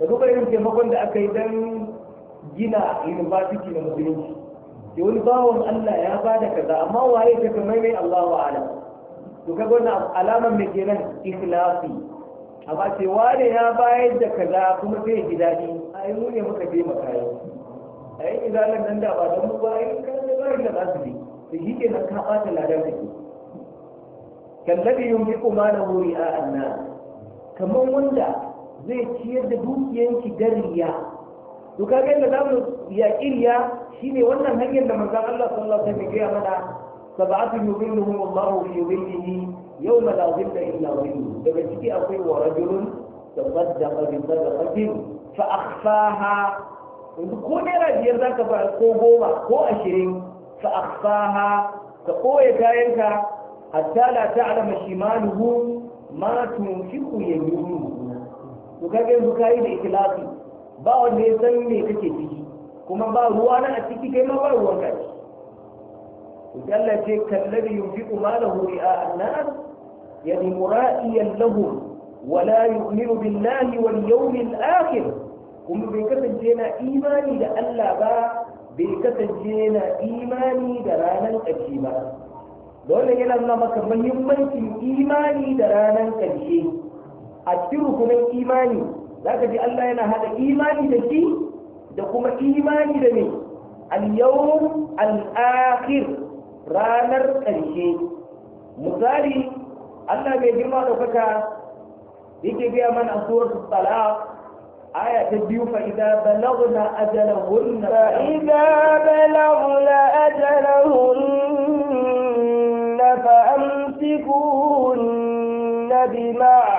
da duka irin taimakon da aka yi don gina university na musulunci ke wani bawon Allah ya ba da kaza amma waye ta kamar maimai Allah wa ala to ka wani alamar mai kenan ikhlasi ba ce wane ya bayar da kaza kuma sai yi daɗi a yi mu muka je makayi a yi izalar nan da ba don mu ba yi kan da bayar da za su bi da shi ke nan ka ɓata ladar da ke kallabi yin fi kuma na wuri a annan kamar wanda zai ciyar da dukiyanki da riya Duka kaga yadda zamu mu yaƙi shine wannan hanyar da manzon Allah sallallahu alaihi wasallam ya mana sab'atun yudilluhum Allahu fi dhillihi yawma la dhilla illa dhilluhu daga ciki akwai wa rajulun tasaddaqa bi sadaqatin fa akhfaha yanzu ko naira biyar zaka ba ko goma ko ashirin fa akhfaha ka koya kayanka hatta la ta'lama shimaluhu ma tunfiqu yaminuhu to kaga yanzu ka yi da ikhlasi ba wanda ya san me kake ciki kuma ba ruwa na a ciki kai ma ba ruwan ka to Allah ce kallabi yunfiqu malahu ri'a an-nas yani mura'iyan lahum wala yu'minu billahi wal yawmil akhir kuma bai kasance na imani da Allah ba bai kasance na imani da ranar ƙarshe ba dole yana nuna maka muhimmancin imani da ranar ƙarshe a cikin rukunin imani za ka ji Allah yana haɗa imani da shi da kuma imani da me al-yawm al-akhir ranar ƙarshe misali Allah mai girma ɗaukaka yake biya mana a suratul talaq آية الديو فإذا بلغنا أجلهن فإذا بلغنا أجلهن na بمعروف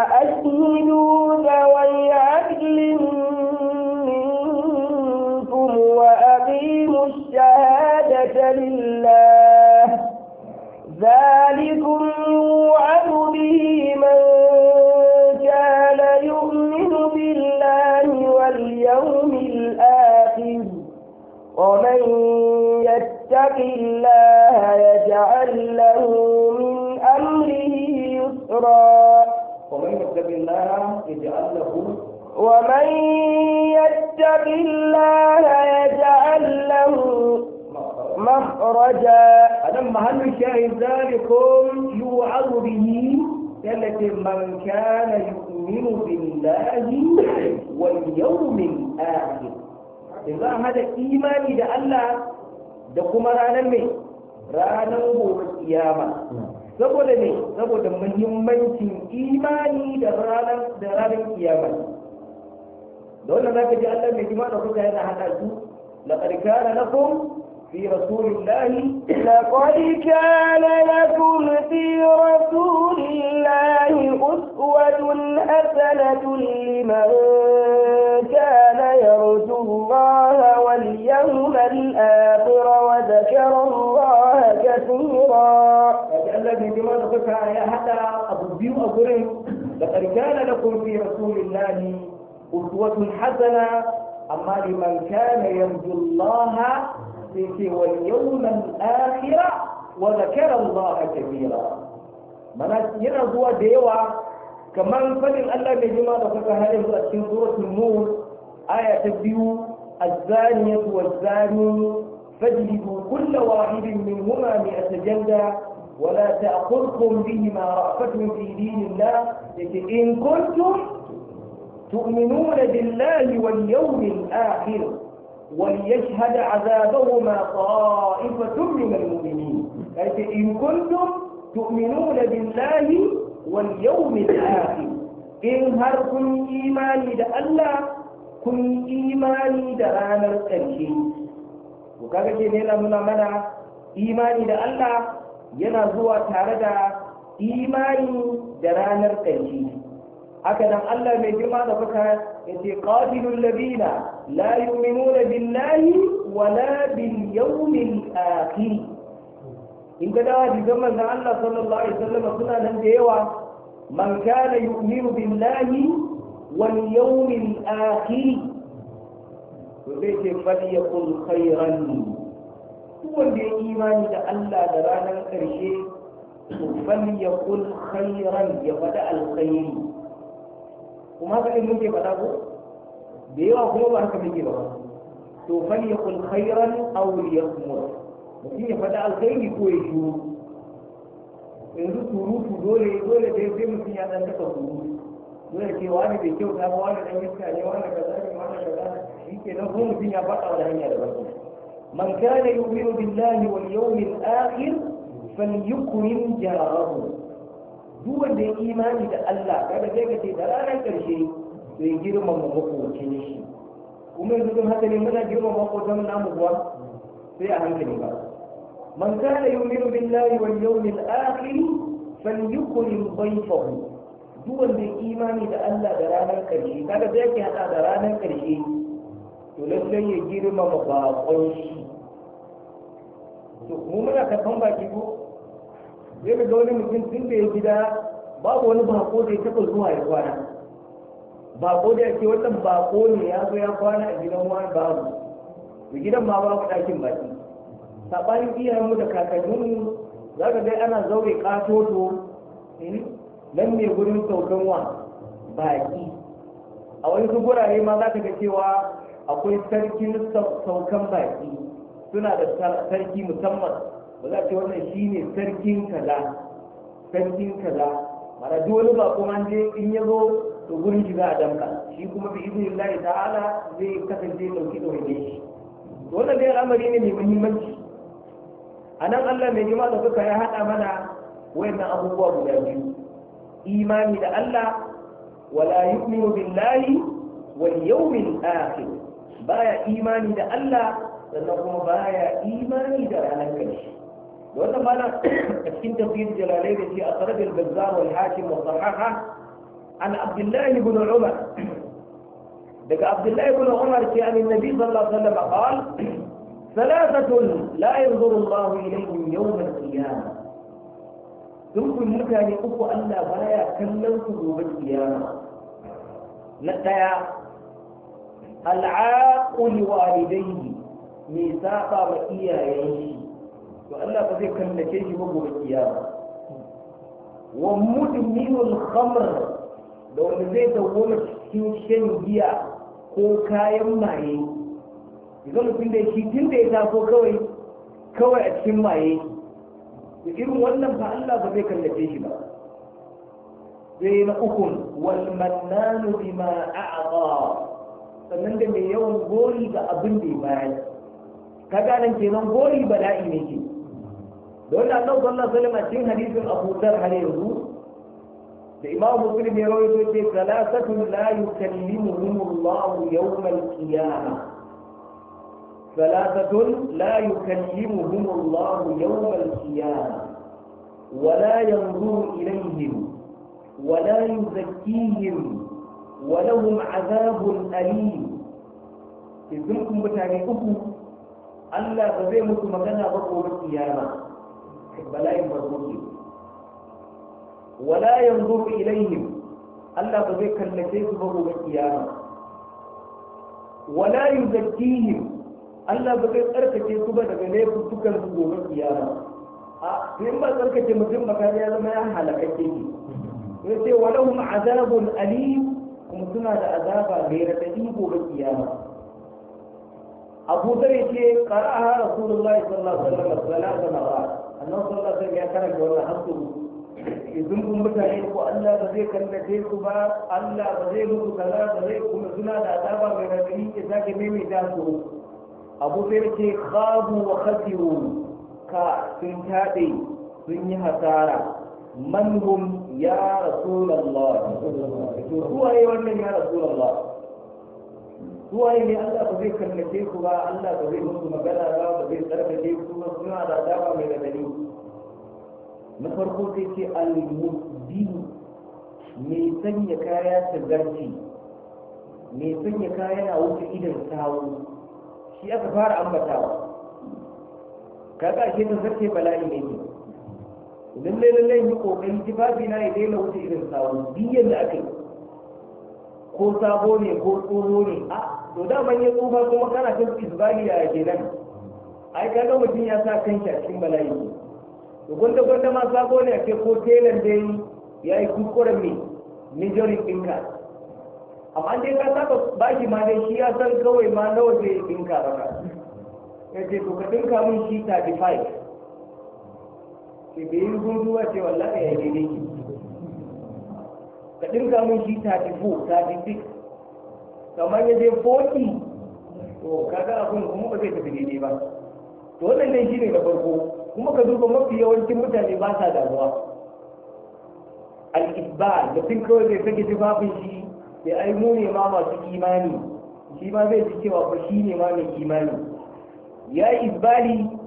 وأشهدوا ذوي عدل منكم وأقيموا الشهادة لله ذلكم يوعد به من كان يؤمن بالله واليوم الآخر ومن يتق الله يجعل له من أمره يسرا يتق الله يجعل له ومن يتق الله يجعل له مخرجا ألم هل شاهد ذلكم يوعظ به التي من كان يؤمن بالله واليوم الآخر إذا هذا إيمان إذا الله دكما رانا من رانا القيامة saboda ne saboda muhimmancin imani da ranar da ranar kiyama da wannan zaka ji Allah mai jima da kuka yana hada su laqad kana lakum في رسول الله لقد كان لكم في رسول الله أسوة حسنة لمن كان يرجو الله واليوم الآخر وذكر الله كثيرا ɗaukaka ya haɗa abu biyu a gurin da ƙarƙana da kurfi rasulillahi uswatun hasana amma liman kana yarjullaha sai ce wal yawmal akira wa zakara allaha kabira mana yana zuwa da yawa kamar fadin Allah mai jima da kuka hare su a cikin suratul nur aya ta biyu الزانية والزاني فاجلدوا كل واحد منهما مئة جلدة ولا تأخذكم بهما رأفة في دين الله إن كنتم تؤمنون بالله واليوم الآخر وليشهد عذابهما طائفة من المؤمنين إن كنتم تؤمنون بالله واليوم الآخر إن هر كن إيماني دا الله كن إيماني دا رانا التنشي وكذا كنا منا إيماني دا الله yana zuwa tare da imani da ranar ƙarshe haka nan Allah mai girma da kuka yace qatilul ladina la yu'minuna billahi wala bil yawmil akhir in ka dawo da manzon Allah sallallahu alaihi wasallam suna nan da yawa man kana yu'minu billahi wal yawmil akhir to zai ce falyakul khairan kowanne yin imani da Allah da ranar ƙarshe to ya yaqul khairan ya faɗa alkhairi kuma ka in muke faɗa ko da yawa kuma ba haka muke ba to fal yaqul khairan aw liyasmut mutum ya faɗa alkhairi ko ya shiru yanzu surutu dole dole dai sai mutum ya ɗan dafa surutu dole ce wani bai kyauta ba wani ɗan iska ne wani kaza ne wani kaza shi ke nan ko mutum ya faɗa wani hanya da bakin من كان يؤمن بالله واليوم الآخر فليكرم جاره duk wanda ya imani da Allah kada zai ka da ranar ƙarshe to ya girma mu makocin shi kuma yanzu don haka muna girma makotan namu kuwa sai a hankali ba man kana yu'minu billahi wal yawmil akhir falyukrim dayfahu duk wanda ya imani da Allah da ranar ƙarshe kada zai da ranar ƙarshe to lallai ya ma baƙon shi to kuma muna karɓan baki ko zai da wani mutum tun da ya gida babu wani bako da ya taɓa zuwa ya kwana bako da ya ce wannan bako ne ya zo ya kwana a gidan wani babu da gidan ma babu ɗakin baki saɓanin iyayenmu da kakanninmu za ka dai ana zaure ƙatoto eh, nan ne gurin saukan wa baki a wani gurare ma za ka ga cewa akwai sarkin saukan baki suna da sarki musamman ba za ce wannan shi ne sarkin kaza sarkin kaza mara dole ba kuma je in ya zo to gurin shi za a damka shi kuma bi izinin ta'ala zai kasance dauki dauke shi wannan dai al'amari ne mai muhimmanci a nan allah mai nima da suka ya haɗa mana wayannan abubuwa guda biyu imani da allah wala yu'minu billahi wal yawmil akhir baya imani da Allah sannan kuma baya imani da ranar karshe da wannan mana a cikin tafiyar jalalai da shi a sarrafin bazzar wal hakim wa sahaha an abdullahi ibn umar daga abdullahi ibn umar ce an annabi sallallahu alaihi wasallam qal thalathatun la yanzuru Allah ilayhim yawm al-qiyamah dukkan mutane uku Allah baya kallon su gobe kiyama na daya al'aqul walidayhi mai saba wa iyayen shi to Allah ba zai kallace shi ba gobe kiyama wa mudminul khamr da wanda zai dawoma cikin shan giya ko kayan maye yanzu mutum da shi tun da ya taso kawai kawai a cikin maye da irin wannan ba Allah ba zai kallace shi ba sai na ukun wal mannanu bima a'ta sannan da mai yawan gori ga abin da ya bayar ka gane kenan gori bala'i ne ke dole Allah sallallahu alaihi wasallam cikin hadisin Abu Dar har yanzu da Imam Muslim ya rawaito ce salatu la yukallimuhum Allah yawm al-qiyamah salatu la yukallimuhum Allah yawm al-qiyamah ولا ينظر إليهم ولا يزكيهم walahum azabun alim idan kun mutane uku Allah zai mutu magana ba ko kiyama bala'in barkoki wala yanzu ilaihim Allah ba zai kallace su ba ko kiyama wala yuzakkihim Allah ba zai tsarkake su ba daga laifin dukan su gobe a in ba tsarkake ya zama ya halakake ne sai azabun alim kuma suna da azaba mai raɗaɗi gobe kiyama abu zai ce qara'a rasulullahi sallallahu alaihi wasallam da nawa annabi sallallahu alaihi wasallam ya karanta wannan hasu idan kun mutane ko Allah ba zai kallace ku ba Allah ba zai muku kaza ba zai kuma suna da azaba mai raɗaɗi ya sake maimaita su abu zai ce khabu wa khasiru ka sun tade sun yi hasara man hum ya rasulullah suwaye wannan ya rasulullah suwaye ne Allah ba zai kallace ku ba Allah ba zai muku magana ba ba zai tsarkake ku ba suna da dama mai gadani na farko sai ce al-mubdini mai sanya kaya ta tagarci mai sanya kaya yana wuce idan sawu shi aka fara ambatawa kaga ke ta zarce bala'i ne Lallai-lallai, lalle yi ji tufafi na ya daina wuce irin sawo biyan da aka yi ko sabo ne ko tsoro ne a to da man yi tsufa kuma kana kan isbali ya ke nan ai kaga mutum ya sa kan a cikin bala'i to gwanda gwanda ma sabo ne a ce ko telan yi ya yi kuskuren me nijori ɗinka amma dai ka saba baki ma dai shi ya san kawai ma nawa zai ɗinka ka ya ce to ka ɗinka min shi 35 ke bai yi gunduwa ce wallahi ya daidai ki ka dinga mun shi ji 36 kamar ya je 40 to kaga abin kuma ba zai tafi daidai ba to wannan ne shine na farko kuma ka duba mafi yawancin mutane ba sa damuwa al-isbal mutum kawai zai sake tufafin shi sai ai mu ne ma masu imani shi ma zai ji cewa ba shi ne ma mai imani ya yi isbali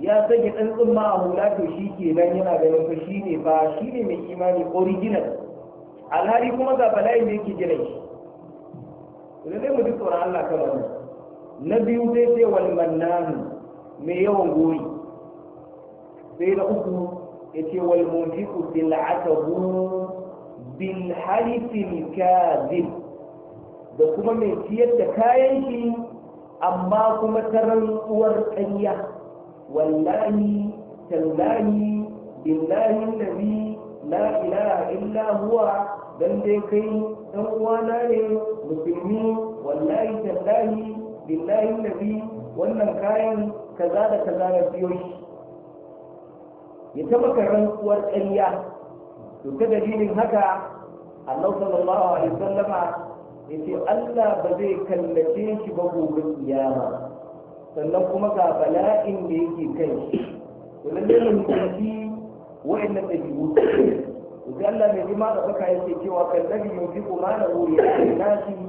ya sanya ɗan tsumma a hula to shi ke nan yana ganin fa shi ne ba shi ne mai imani original alhari kuma ga bala'in da yake gina shi lallai mu ji tsoron Allah kan ne. na biyu zai sai wani mannanu mai yawan gori. sai na uku ya ce wal munfiqu bil atabu bil halifin kazin da kuma mai ciyar da kayan shi amma kuma tarar tsuwar ɗanya. wallahi tallahi billahi allazi la ilaha illa huwa dan dai kai dan uwana ne musulmi wallahi tallahi billahi allazi wannan kayan kaza da kaza na biyo shi ya taba rantsuwar ƙarya to ta dalilin haka Allah sallallahu alaihi wasallama yace Allah ba zai kallace shi ba gobe kiyama sannan kuma ga bala'in da yake kai to lalle mun tafi wa'annan dabi'u to sai Allah mai jima da baka yake cewa kan nabi yufiqu Ya lahu ya'ti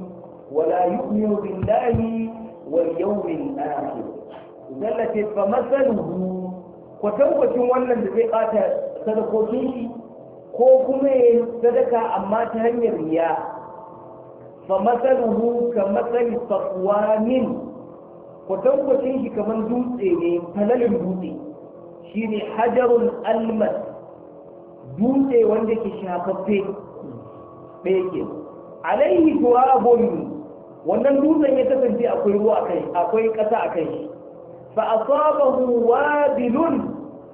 wala yu'minu billahi wal yawmil akhir to Allah ce fa masaluhu kwatankwacin wannan da zai kata sadakokin shi ko kuma ya sadaka amma ta hanyar riya fa masaluhu ka masali safwanin kwatankwacin shi kamar dutse ne falalin dutse shi ne hajarun almas dutse wanda ke shafaffe ɗaya ke alaihi kuwa abun wannan dutsen ya kasance akwai ruwa a kai akwai ƙasa a kai fa asabahu wabilun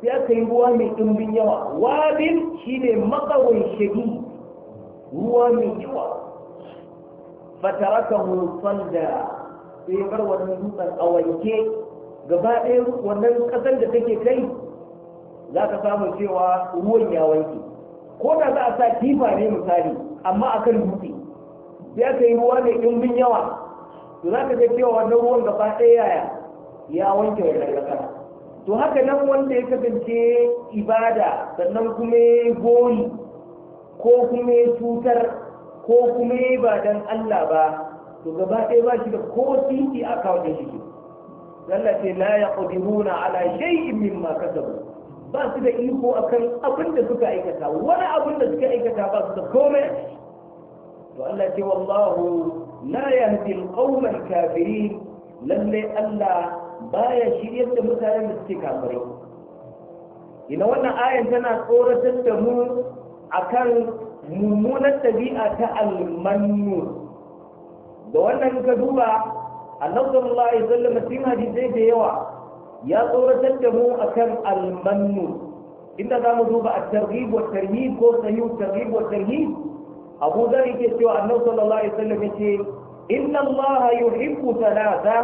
sai aka yi ruwa mai ɗumbin yawa wabil shine makawai shagi ruwa mai yawa fatarakahu sanda sai ya bar wannan dutsen a wanke gaba ɗaya wannan ƙasar da take kai za ka samu cewa ruwan ya wanke ko da za a sa kifa ne misali amma a kan dutse sai aka yi ruwa mai ɗumbin yawa to za ka ga cewa wannan ruwan gaba ɗaya yaya ya wanke wannan ƙasar to haka nan wanda ya kasance ibada sannan kuma goyi ko kuma cutar ko kuma ba dan Allah ba to gaba ɗaya ba shi da ko titi aka wajen shi Allah ce la yaqdiruna ala shay'in mimma kasabu ba su da iko akan abin da suka aikata wani abin da suka aikata ba su da komai to Allah ce wallahu la yahdi al-qawm al-kafirin lalle Allah baya shiryar da mutanen da suke kafirai ina wannan ayan tana tsoratar da mu akan mummunar tabi'a ta al-mannun da wannan ka duba annabi sallallahu alaihi wasallam cikin hadisai da yawa ya tsoratar da mu akan almannu inda za mu duba at-targhib wa tarhib ko sahih targhib wa tarhib abu dhar yake cewa annabi sallallahu alaihi wasallam yace inna allaha yuhibbu thalatha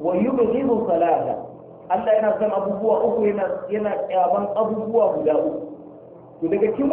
wa yubghidu thalatha Allah yana son abubuwa uku yana yana abubuwa guda uku to daga cikin